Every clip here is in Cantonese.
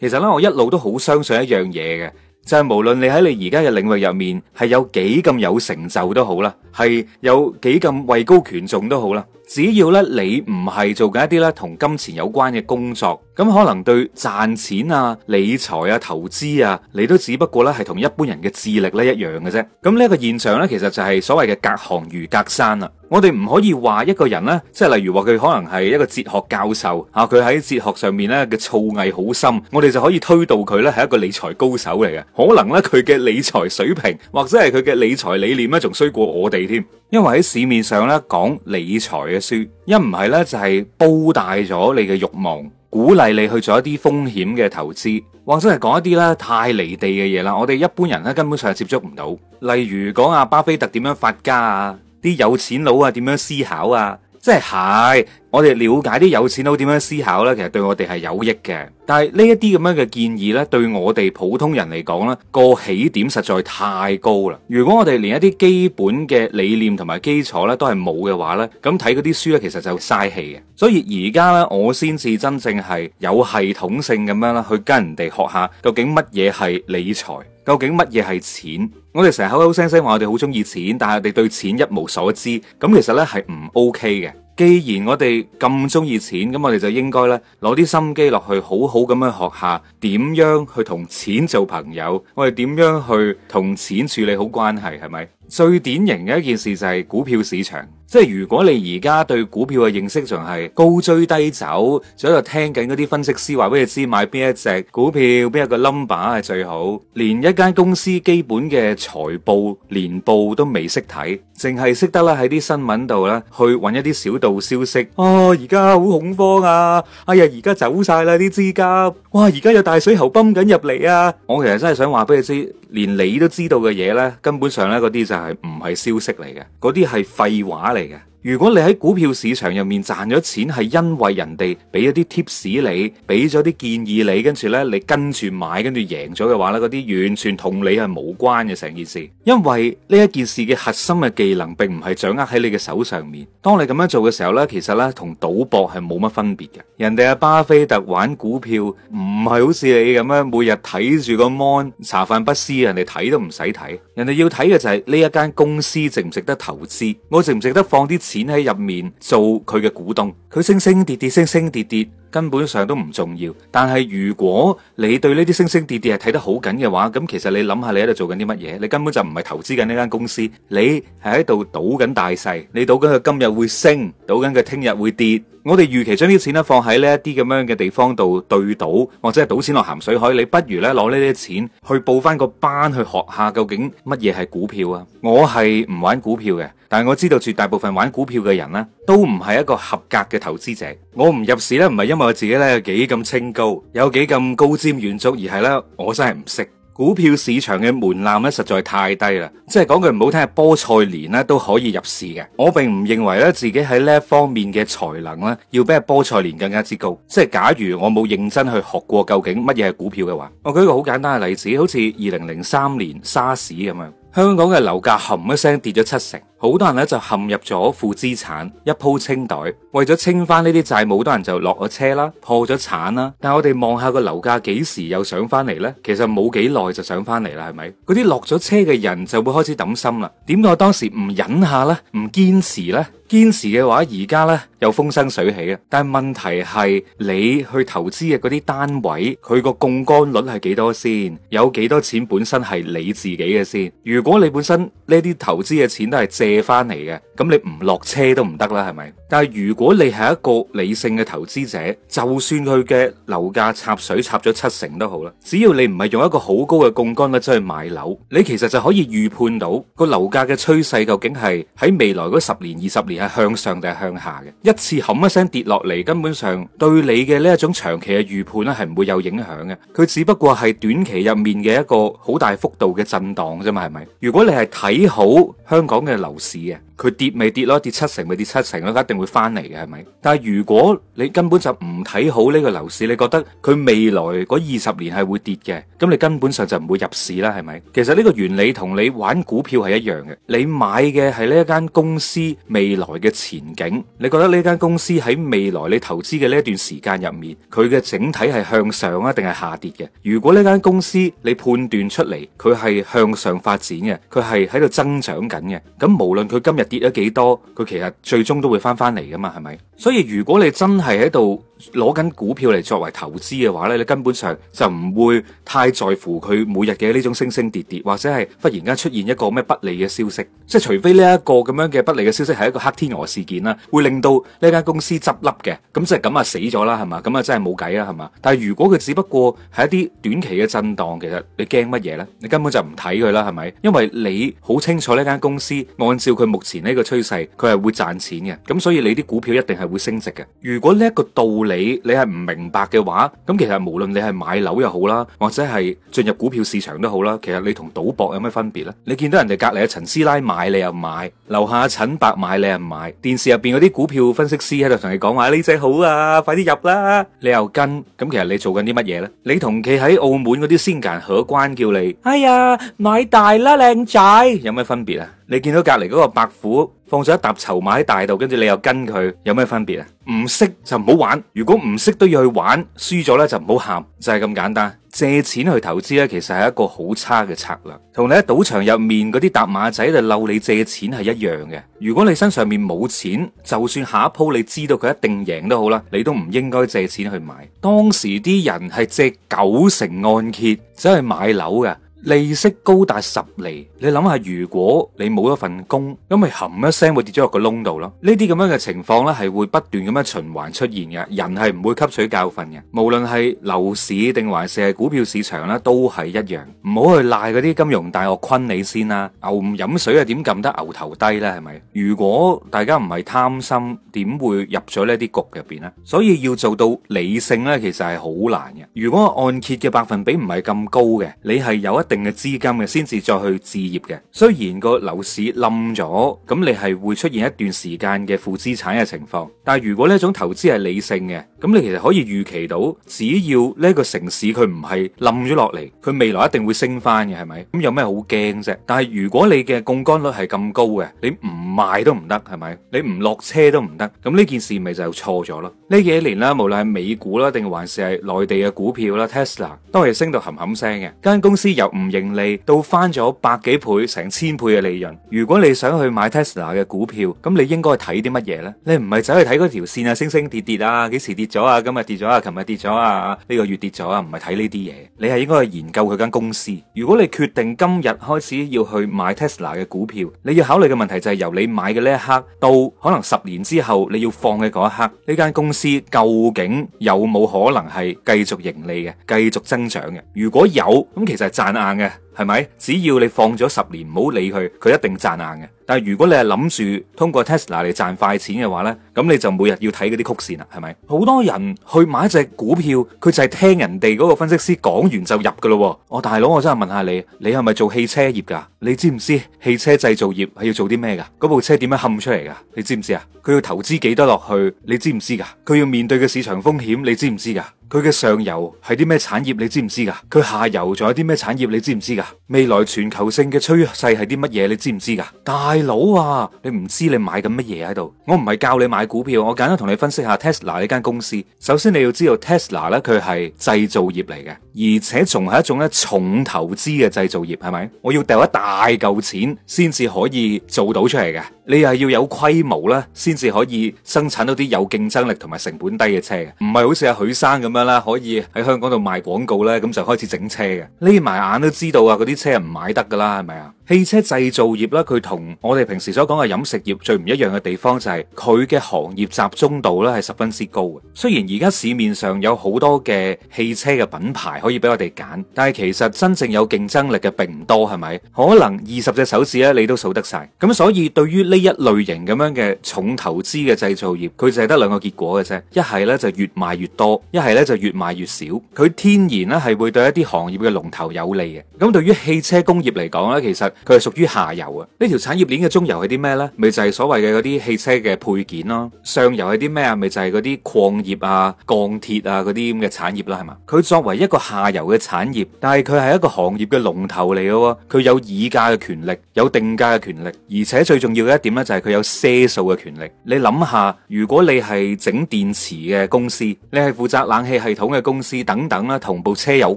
其實咧，我一路都好相信一樣嘢嘅，就係無論你喺你而家嘅領域入面係有幾咁有成就都好啦，係有幾咁位高權重都好啦。只要咧你唔係做緊一啲咧同金錢有關嘅工作，咁可能對賺錢啊、理財啊、投資啊，你都只不過咧係同一般人嘅智力咧一樣嘅啫。咁呢個現象咧，其實就係所謂嘅隔行如隔山啦。我哋唔可以話一個人咧，即係例如話佢可能係一個哲學教授啊，佢喺哲學上面咧嘅造詣好深，我哋就可以推導佢咧係一個理財高手嚟嘅。可能咧佢嘅理財水平或者係佢嘅理財理念咧，仲衰過我哋添。因為喺市面上咧講理財嘅書，一唔係咧就係煲大咗你嘅慾望，鼓勵你去做一啲風險嘅投資，或者係講一啲咧太離地嘅嘢啦。我哋一般人咧根本上係接觸唔到，例如講阿巴菲特點樣發家啊，啲有錢佬啊點樣思考啊。即係，我哋了解啲有錢佬點樣思考呢？其實對我哋係有益嘅。但係呢一啲咁樣嘅建議呢，對我哋普通人嚟講呢，個起點實在太高啦。如果我哋連一啲基本嘅理念同埋基礎呢都係冇嘅話呢，咁睇嗰啲書呢，其實就嘥氣嘅。所以而家呢，我先至真正係有系統性咁樣啦，去跟人哋學下究竟乜嘢係理財。究竟乜嘢係錢？我哋成日口口聲聲話我哋好中意錢，但係我哋對錢一無所知，咁其實呢係唔 OK 嘅。既然我哋咁中意錢，咁我哋就應該呢，攞啲心機落去，好好咁樣學下點樣去同錢做朋友，我哋點樣去同錢處理好關係，係咪？最典型嘅一件事就係股票市場，即係如果你而家對股票嘅認識仲係高追低走，仲喺度聽緊嗰啲分析師話俾你知買邊一隻股票，邊一個 number 係最好，連一間公司基本嘅財報年報都未識睇，淨係識得咧喺啲新聞度咧去揾一啲小道消息。哦，而家好恐慌啊！哎呀，而家走晒啦啲資金，哇，而家有大水喉泵緊入嚟啊！我其實真係想話俾你知。連你都知道嘅嘢咧，根本上咧嗰啲就係唔係消息嚟嘅，嗰啲係廢話嚟嘅。如果你喺股票市場入面賺咗錢，係因為人哋俾一啲 tips 你，俾咗啲建議你，跟住咧你跟住買，跟住贏咗嘅話咧，嗰啲完全同你係冇關嘅成件事。因為呢一件事嘅核心嘅技能，並唔係掌握喺你嘅手上面。當你咁樣做嘅時候咧，其實咧同賭博係冇乜分別嘅。人哋阿巴菲特玩股票唔係好似你咁樣，每日睇住個 mon 茶飯不思，人哋睇都唔使睇，人哋要睇嘅就係呢一間公司值唔值得投資，我值唔值得放啲錢喺入面做佢嘅股東，佢升升跌跌，升升跌跌，根本上都唔重要。但係如果你對呢啲升升跌跌係睇得好緊嘅話，咁其實你諗下你喺度做緊啲乜嘢？你根本就唔係投資緊呢間公司，你係喺度賭緊大勢，你賭緊佢今日會升，賭緊佢聽日會跌。我哋與其將啲錢咧放喺呢一啲咁樣嘅地方度對賭，或者係賭錢落咸水海，你不如咧攞呢啲錢去報返個班去學下究竟乜嘢係股票啊！我係唔玩股票嘅，但係我知道絕大部分玩股票嘅人咧都唔係一個合格嘅投資者。我唔入市咧，唔係因為我自己咧有幾咁清高，有幾咁高瞻遠矚，而係咧我真係唔識。股票市場嘅門檻咧實在太低啦，即係講句唔好聽，菠菜年咧都可以入市嘅。我並唔認為咧自己喺呢一方面嘅才能咧要比阿菠菜年更加之高。即係假如我冇認真去學過究竟乜嘢係股票嘅話，我舉一個好簡單嘅例子，好似二零零三年沙士咁樣，香港嘅樓價冚一聲跌咗七成。好多人咧就陷入咗負資產，一鋪清袋，為咗清翻呢啲債務，好多人就落咗車啦，破咗產啦。但係我哋望下個樓價幾時又上翻嚟呢？其實冇幾耐就上翻嚟啦，係咪？嗰啲落咗車嘅人就會開始揼心啦。點解當時唔忍下呢？唔堅持呢？堅持嘅話，而家呢又風生水起啦。但係問題係你去投資嘅嗰啲單位，佢個槓桿率係幾多先？有幾多錢本身係你自己嘅先？如果你本身呢啲投資嘅錢都係借，借翻嚟嘅，咁你唔落車都唔得啦，係咪？但係如果你係一個理性嘅投資者，就算佢嘅樓價插水插咗七成都好啦，只要你唔係用一個好高嘅槓桿率去買樓，你其實就可以預判到個樓價嘅趨勢究竟係喺未來嗰十年、二十年係向上定係向下嘅。一次冚一聲跌落嚟，根本上對你嘅呢一種長期嘅預判咧係唔會有影響嘅。佢只不過係短期入面嘅一個好大幅度嘅震盪啫嘛，係咪？如果你係睇好香港嘅樓市嘅。佢跌咪跌咯，跌七成咪跌七成咯，一定會翻嚟嘅，係咪？但係如果你根本就唔睇好呢個樓市，你覺得佢未來嗰二十年係會跌嘅，咁你根本上就唔會入市啦，係咪？其實呢個原理同你玩股票係一樣嘅，你買嘅係呢一間公司未來嘅前景，你覺得呢間公司喺未來你投資嘅呢一段時間入面，佢嘅整體係向上啊，定係下跌嘅？如果呢間公司你判斷出嚟佢係向上發展嘅，佢係喺度增長緊嘅，咁無論佢今日，跌咗幾多，佢其實最終都會翻翻嚟噶嘛，係咪？所以如果你真係喺度攞緊股票嚟作為投資嘅話呢，你根本上就唔會太在乎佢每日嘅呢種升升跌跌，或者係忽然間出現一個咩不利嘅消息。即係除非呢一個咁樣嘅不利嘅消息係一個黑天鵝事件啦，會令到呢間公司執笠嘅，咁即係咁啊死咗啦，係嘛？咁啊真係冇計啦，係嘛？但係如果佢只不過係一啲短期嘅震盪，其實你驚乜嘢呢？你根本就唔睇佢啦，係咪？因為你好清楚呢間公司按照佢目前呢個趨勢，佢係會賺錢嘅，咁所以你啲股票一定係會升值嘅。如果呢一個道理，你你係唔明白嘅話，咁其實無論你係買樓又好啦，或者係進入股票市場都好啦，其實你同賭博有咩分別呢？你見到人哋隔籬阿陳師奶買你又買，樓下阿陳伯買你又買，電視入邊嗰啲股票分析師喺度同你講，話呢隻好啊，快啲入啦，你又跟咁，其實你做緊啲乜嘢呢？你同企喺澳門嗰啲先人可關叫你哎呀買大啦，靚仔有咩分別啊？你見到隔籬嗰個白虎放咗一沓籌碼喺大度，跟住你又跟佢，有咩分別啊？唔識就唔好玩，如果唔識都要去玩，輸咗咧就唔好喊，就係咁簡單。借錢去投資呢，其實係一個好差嘅策略，同你喺賭場入面嗰啲搭馬仔嚟嬲你借錢係一樣嘅。如果你身上面冇錢，就算下一鋪你知道佢一定贏都好啦，你都唔應該借錢去買。當時啲人係借九成按揭走去買樓嘅。利息高達十厘，你諗下，如果你冇一份工，咁咪含一聲會跌咗落個窿度咯？呢啲咁樣嘅情況咧，係會不斷咁樣循環出現嘅。人係唔會吸取教訓嘅，無論係樓市定還是係股票市場啦，都係一樣。唔好去賴嗰啲金融大鱷坤你先啦。牛唔飲水啊，點撳得牛頭低咧？係咪？如果大家唔係貪心，點會入咗呢一啲局入邊咧？所以要做到理性咧，其實係好難嘅。如果按揭嘅百分比唔係咁高嘅，你係有一定嘅資金嘅先至再去置業嘅。雖然個樓市冧咗，咁你係會出現一段時間嘅負資產嘅情況。但係如果呢一種投資係理性嘅，咁你其實可以預期到，只要呢一個城市佢唔係冧咗落嚟，佢未來一定會升翻嘅，係咪？咁有咩好驚啫？但係如果你嘅槓桿率係咁高嘅，你唔賣都唔得，係咪？你唔落車都唔得。咁呢件事咪就錯咗咯。呢幾年啦，無論係美股啦，定還是係內地嘅股票啦，Tesla 都係升到冚冚聲嘅。間公司有。唔盈利到翻咗百幾倍、成千倍嘅利潤。如果你想去買 Tesla 嘅股票，咁你應該睇啲乜嘢呢？你唔係走去睇嗰條線啊、升升跌跌啊、幾時跌咗啊、今日跌咗啊、琴日跌咗啊、呢個月跌咗啊？唔係睇呢啲嘢，你係應該去研究佢間公司。如果你決定今日開始要去買 Tesla 嘅股票，你要考慮嘅問題就係由你買嘅呢一刻到可能十年之後你要放嘅嗰一刻，呢間公司究竟有冇可能係繼續盈利嘅、繼續增長嘅？如果有，咁其實係賺嘅係咪？只要你放咗十年，唔好理佢，佢一定賺硬嘅。但係如果你係諗住通過 Tesla 嚟賺快錢嘅話咧，咁你就每日要睇嗰啲曲線啦。係咪？好多人去買一隻股票，佢就係聽人哋嗰個分析師講完就入噶咯。我、哦、大佬，我真係問下你，你係咪做汽車業噶？你知唔知汽車製造業係要做啲咩噶？嗰部車點樣冚出嚟噶？你知唔知啊？佢要投資幾多落去？你知唔知噶？佢要面對嘅市場風險，你知唔知噶？佢嘅上游係啲咩產業，你知唔知噶？佢下游仲有啲咩產業，你知唔知噶？未來全球性嘅趨勢係啲乜嘢，你知唔知噶？大佬啊，你唔知你買緊乜嘢喺度。我唔係教你買股票，我簡單同你分析下 Tesla 呢間公司。首先你要知道 Tesla 呢，佢係製造業嚟嘅，而且仲係一種咧重投資嘅製造業，係咪？我要掉一大嚿錢先至可以做到出嚟嘅。你又係要有規模啦，先至可以生產到啲有競爭力同埋成本低嘅車嘅，唔係好似阿許生咁樣啦，可以喺香港度賣廣告咧，咁就開始整車嘅。匿埋眼都知道啊，嗰啲車唔買得噶啦，係咪啊？汽車製造業咧，佢同我哋平時所講嘅飲食業最唔一樣嘅地方就係佢嘅行業集中度咧係十分之高嘅。雖然而家市面上有好多嘅汽車嘅品牌可以俾我哋揀，但係其實真正有競爭力嘅並唔多，係咪？可能二十隻手指咧你都數得晒。咁所以對於呢一類型咁樣嘅重投資嘅製造業，佢就係得兩個結果嘅啫，一係咧就越賣越多，一係咧就越賣越少。佢天然咧係會對一啲行業嘅龍頭有利嘅。咁對於汽車工業嚟講咧，其實。佢係屬於下游啊。呢條產業鏈嘅中游係啲咩呢？咪就係、是、所謂嘅嗰啲汽車嘅配件咯。上游係啲咩啊？咪就係嗰啲礦業啊、鋼鐵啊嗰啲咁嘅產業啦，係嘛？佢作為一個下游嘅產業，但係佢係一個行業嘅龍頭嚟嘅。佢有議價嘅權力，有定價嘅權力，而且最重要嘅一點呢，就係佢有賒數嘅權力。你諗下，如果你係整電池嘅公司，你係負責冷氣系統嘅公司等等啦，同部車有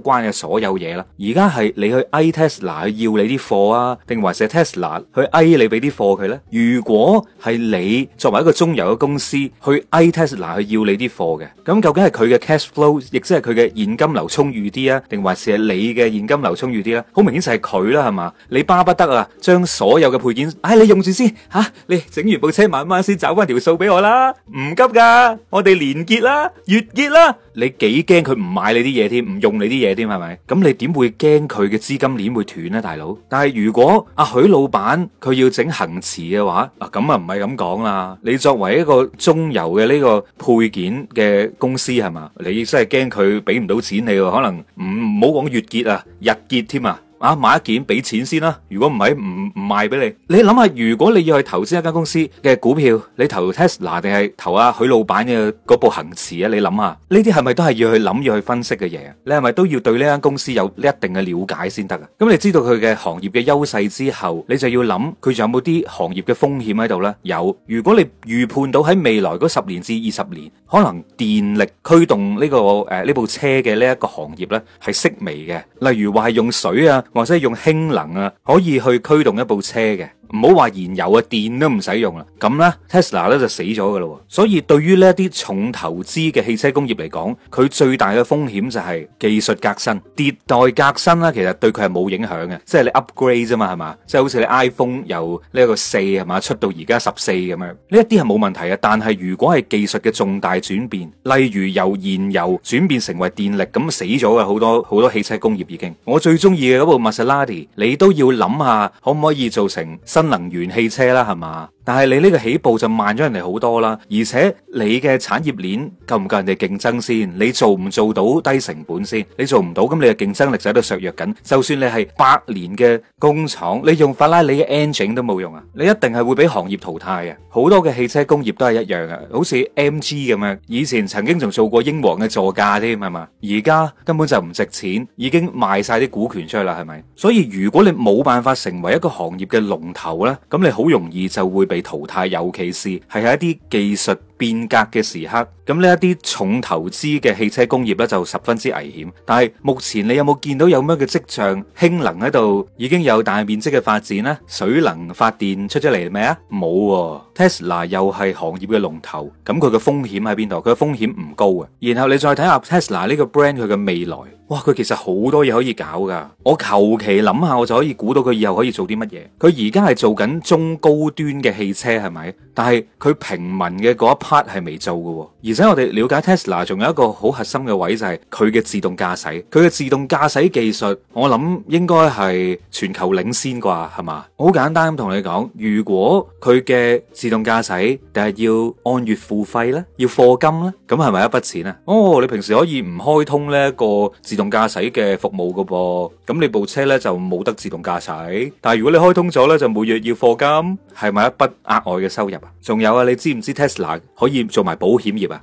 關嘅所有嘢啦，而家係你去 Tesla 嗱，要你啲貨啊，定還是 Tesla 去嗌你俾啲貨佢咧？如果係你作為一個中游嘅公司去嗌 Tesla 去要你啲貨嘅，咁究竟係佢嘅 cash flow 亦即係佢嘅現金流充裕啲啊？定還是係你嘅現金流充裕啲咧？好明顯就係佢啦，係嘛？你巴不得啊，將所有嘅配件，哎，你用住先吓，你整完部車慢慢先找翻條數俾我啦，唔急噶，我哋連結啦，月結啦。你幾驚佢唔買你啲嘢添，唔用你啲嘢添，係咪？咁你點會驚佢嘅資金鏈會斷呢，大佬？但係如果阿、啊、許老闆佢要整恒馳嘅話，啊咁啊唔係咁講啦。你作為一個中游嘅呢個配件嘅公司係嘛？你真係驚佢俾唔到錢你，可能唔好講月結啊，日結添啊！啊！買一件俾錢先啦，如果唔係唔唔賣俾你。你諗下，如果你要去投資一間公司嘅股票，你投 Tesla 定係投阿許老闆嘅嗰部恆馳啊？你諗下，呢啲係咪都係要去諗要去分析嘅嘢？你係咪都要對呢間公司有呢一定嘅瞭解先得啊？咁你知道佢嘅行業嘅優勢之後，你就要諗佢仲有冇啲行業嘅風險喺度咧？有。如果你預判到喺未來嗰十年至二十年，可能電力驅動呢個誒呢部車嘅呢一個行業咧係式微嘅，例如話係用水啊。或者用氫能啊，可以去驅動一部車嘅。唔好話燃油啊，電都唔使用啦，咁呢 Tesla 咧就死咗噶啦，所以對於呢一啲重投資嘅汽車工業嚟講，佢最大嘅風險就係技術革新、迭代革新啦。其實對佢係冇影響嘅，即係你 upgrade 啫嘛，係嘛，即係好似你 iPhone 由呢一個四係嘛出到而家十四咁樣，呢一啲係冇問題嘅。但係如果係技術嘅重大轉變，例如由燃油轉變成為電力咁死咗嘅好多好多汽車工業已經。我最中意嘅嗰部 Maserati，你都要諗下可唔可以做成，新能源汽車啦，係嘛？但係你呢個起步就慢咗人哋好多啦，而且你嘅產業鏈夠唔夠人哋競爭先？你做唔做到低成本先？你做唔到，咁你嘅競爭力就喺度削弱緊。就算你係百年嘅工廠，你用法拉利嘅 engine 都冇用啊！你一定係會俾行業淘汰嘅。好多嘅汽車工業都係一樣嘅，好似 MG 咁樣，以前曾經仲做過英皇嘅座駕添，係嘛？而家根本就唔值錢，已經賣晒啲股權出去啦，係咪？所以如果你冇辦法成為一個行業嘅龍頭呢，咁你好容易就會俾。被淘汰，尤其是係喺一啲技術變革嘅時刻，咁呢一啲重投資嘅汽車工業呢，就十分之危險。但係目前你有冇見到有咩嘅跡象？氫能喺度已經有大面積嘅發展咧，水能發電出咗嚟係咪啊？冇，Tesla 又係行業嘅龍頭，咁佢嘅風險喺邊度？佢嘅風險唔高啊。然後你再睇下 Tesla 呢個 brand 佢嘅未來，哇！佢其實好多嘢可以搞噶。我求其諗下，我就可以估到佢以後可以做啲乜嘢。佢而家係做緊中高端嘅汽車，係咪？但係佢平民嘅嗰一 part 係未做嘅，而且我哋了解 Tesla 仲有一個好核心嘅位，就係佢嘅自動駕駛，佢嘅自動駕駛技術我諗應該係全球領先啩，係嘛？好簡單咁同你講，如果佢嘅自動駕駛，定係要按月付費咧，要課金咧，咁係咪一筆錢啊？哦，你平時可以唔開通呢一個自動駕駛嘅服務㗎噃，咁你部車咧就冇得自動駕駛，但係如果你開通咗咧，就每月要課金。係咪一筆額外嘅收入啊？仲有啊，你知唔知 Tesla 可以做埋保險業啊？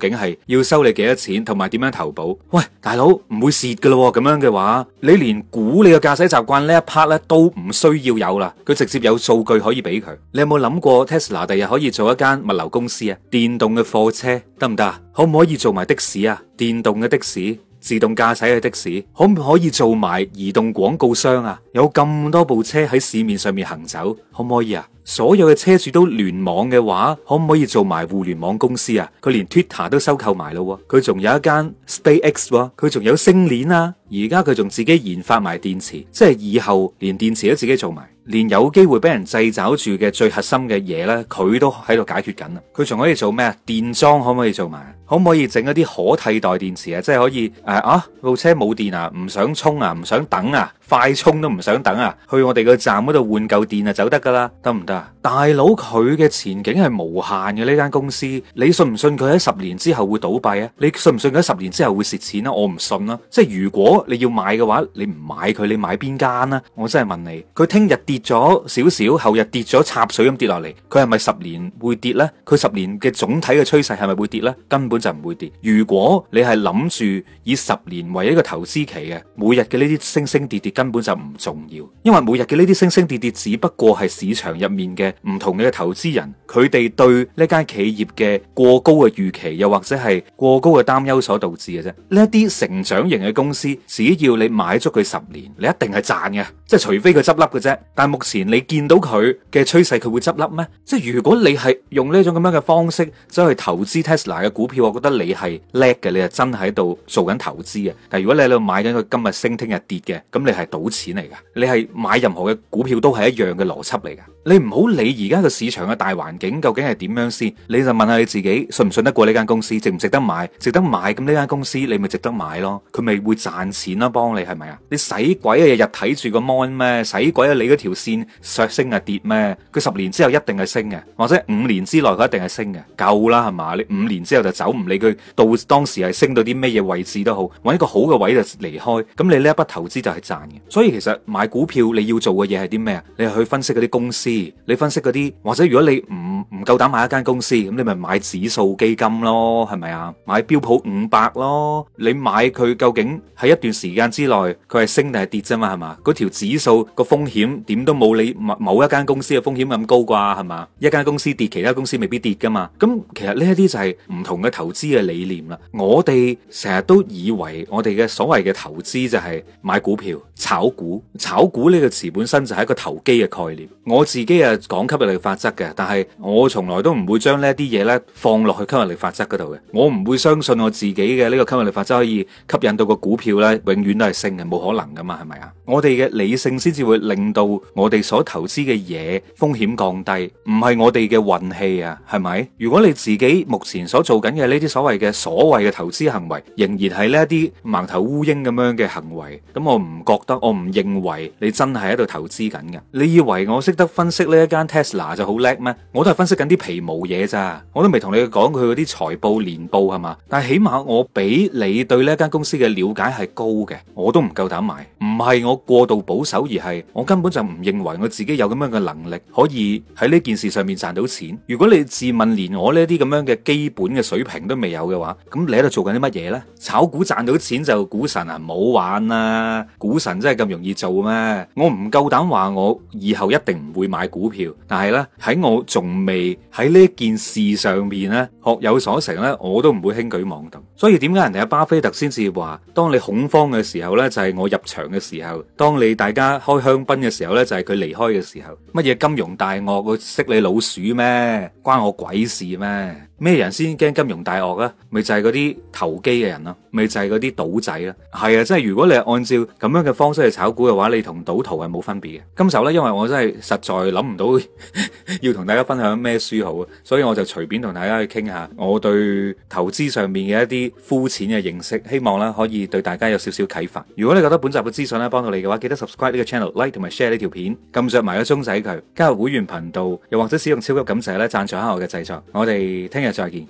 究竟係要收你幾多錢，同埋點樣投保？喂，大佬唔會蝕噶咯，咁樣嘅話，你連估你嘅駕駛習慣呢一 part 咧都唔需要有啦，佢直接有數據可以俾佢。你有冇諗過 Tesla 第日可以做一間物流公司啊？電動嘅貨車得唔得？可唔可以做埋的士啊？電動嘅的士，自動駕駛嘅的士，可唔可以做埋移動廣告商啊？有咁多部車喺市面上面行走，可唔可以啊？所有嘅車主都聯網嘅話，可唔可以做埋互聯網公司啊？佢連 Twitter 都收購埋咯，佢仲有一間 SpaceX，佢仲有星鏈啊。而家佢仲自己研發埋電池，即係以後連電池都自己做埋，連有機會俾人制找住嘅最核心嘅嘢呢，佢都喺度解決緊啊。佢仲可以做咩啊？電樁可唔可以做埋？可唔可以整一啲可替代電池啊？即係可以誒啊，部車冇電啊，唔想充啊，唔想等啊，快充都唔想等啊，去我哋個站嗰度換嚿電啊，走得噶啦，得唔得啊？大佬，佢嘅前景係無限嘅呢間公司，你信唔信佢喺十年之後會倒閉啊？你信唔信佢喺十年之後會蝕錢啊？我唔信啊。即係如果你要買嘅話，你唔買佢，你買邊間啊？我真係問你，佢聽日跌咗少少，後日跌咗插水咁跌落嚟，佢係咪十年會跌呢？佢十年嘅總體嘅趨勢係咪會跌呢？根本，就唔會跌。如果你係諗住以十年為一個投資期嘅，每日嘅呢啲升升跌跌根本就唔重要，因為每日嘅呢啲升升跌跌只不過係市場入面嘅唔同嘅投資人，佢哋對呢間企業嘅過高嘅預期，又或者係過高嘅擔憂所導致嘅啫。呢一啲成長型嘅公司，只要你買足佢十年，你一定係賺嘅，即係除非佢執笠嘅啫。但係目前你見到佢嘅趨勢，佢會執笠咩？即係如果你係用呢種咁樣嘅方式走去投資 Tesla 嘅股票。我覺得你係叻嘅，你係真喺度做緊投資嘅。但係如果你喺度買緊佢今日升、聽日跌嘅，咁你係賭錢嚟噶。你係買任何嘅股票都係一樣嘅邏輯嚟噶。你唔好理而家個市場嘅大環境究竟係點樣先，你就問下你自己，信唔信得過呢間公司？值唔值得買？值得買咁呢間公司，你咪值得買咯。佢咪會賺錢咯？幫你係咪啊？你使鬼啊！日日睇住個 mon 咩？使鬼啊！你嗰條線上升啊跌咩？佢十年之後一定係升嘅，或者五年之內佢一定係升嘅。夠啦係嘛？你五年之後就走。都唔理佢到當時係升到啲咩嘢位置都好，搵一個好嘅位就離開，咁你呢一筆投資就係賺嘅。所以其實買股票你要做嘅嘢係啲咩啊？你係去分析嗰啲公司，你分析嗰啲，或者如果你唔。唔夠膽買一間公司，咁你咪買指數基金咯，係咪啊？買標普五百咯，你買佢究竟喺一段時間之內佢係升定係跌啫嘛？係嘛？嗰條指數個風險點都冇你某一間公司嘅風險咁高啩？係嘛？一間公司跌，其他公司未必跌噶嘛？咁其實呢一啲就係唔同嘅投資嘅理念啦。我哋成日都以為我哋嘅所謂嘅投資就係買股票、炒股、炒股呢個詞本身就係一個投機嘅概念。我自己啊講吸引力法則嘅，但係我。我從來都唔會將呢啲嘢，呢放落去吸引力法則嗰度嘅，我唔會相信我自己嘅呢個吸引力法則可以吸引到個股票呢永遠都係升嘅，係冇可能噶嘛，係咪啊？我哋嘅理性先至會令到我哋所投資嘅嘢風險降低，唔係我哋嘅運氣啊，係咪？如果你自己目前所做緊嘅呢啲所謂嘅所謂嘅投資行為，仍然係呢一啲盲頭烏蠅咁樣嘅行為，咁我唔覺得，我唔認為你真係喺度投資緊噶。你以為我識得分析呢一間 Tesla 就好叻咩？我都係。分析緊啲皮毛嘢咋，我都未同你講佢嗰啲財報年報係嘛，但係起碼我比你對呢一間公司嘅了解係高嘅，我都唔夠膽買，唔係我過度保守，而係我根本就唔認為我自己有咁樣嘅能力可以喺呢件事上面賺到錢。如果你自問連我呢啲咁樣嘅基本嘅水平都未有嘅話，咁你喺度做緊啲乜嘢呢？炒股賺到錢就股神啊，冇玩啦！股神真係咁容易做咩？我唔夠膽話我以後一定唔會買股票，但係呢，喺我仲未。未喺呢件事上面咧，學有所成咧，我都唔會輕舉妄動。所以點解人哋阿巴菲特先至話，當你恐慌嘅時候呢，就係我入場嘅時候；當你大家開香檳嘅時候呢，就係佢離開嘅時候。乜嘢金融大鱷會識你老鼠咩？關我鬼事咩？咩人先驚金融大鱷啊？咪就係嗰啲投機嘅人咯。咪就係嗰啲賭仔啦，係啊！即係如果你係按照咁樣嘅方式去炒股嘅話，你同賭徒係冇分別嘅。今集呢，因為我真係實在諗唔到 要同大家分享咩書好，所以我就隨便同大家去傾下我對投資上面嘅一啲膚淺嘅認識，希望咧可以對大家有少少啟發。如果你覺得本集嘅資訊咧幫到你嘅話，記得 subscribe 呢個 channel、like 同埋 share 呢條片，撳着埋個鐘仔佢，加入會員頻道，又或者使用超級感謝咧贊助下我嘅製作。我哋聽日再見。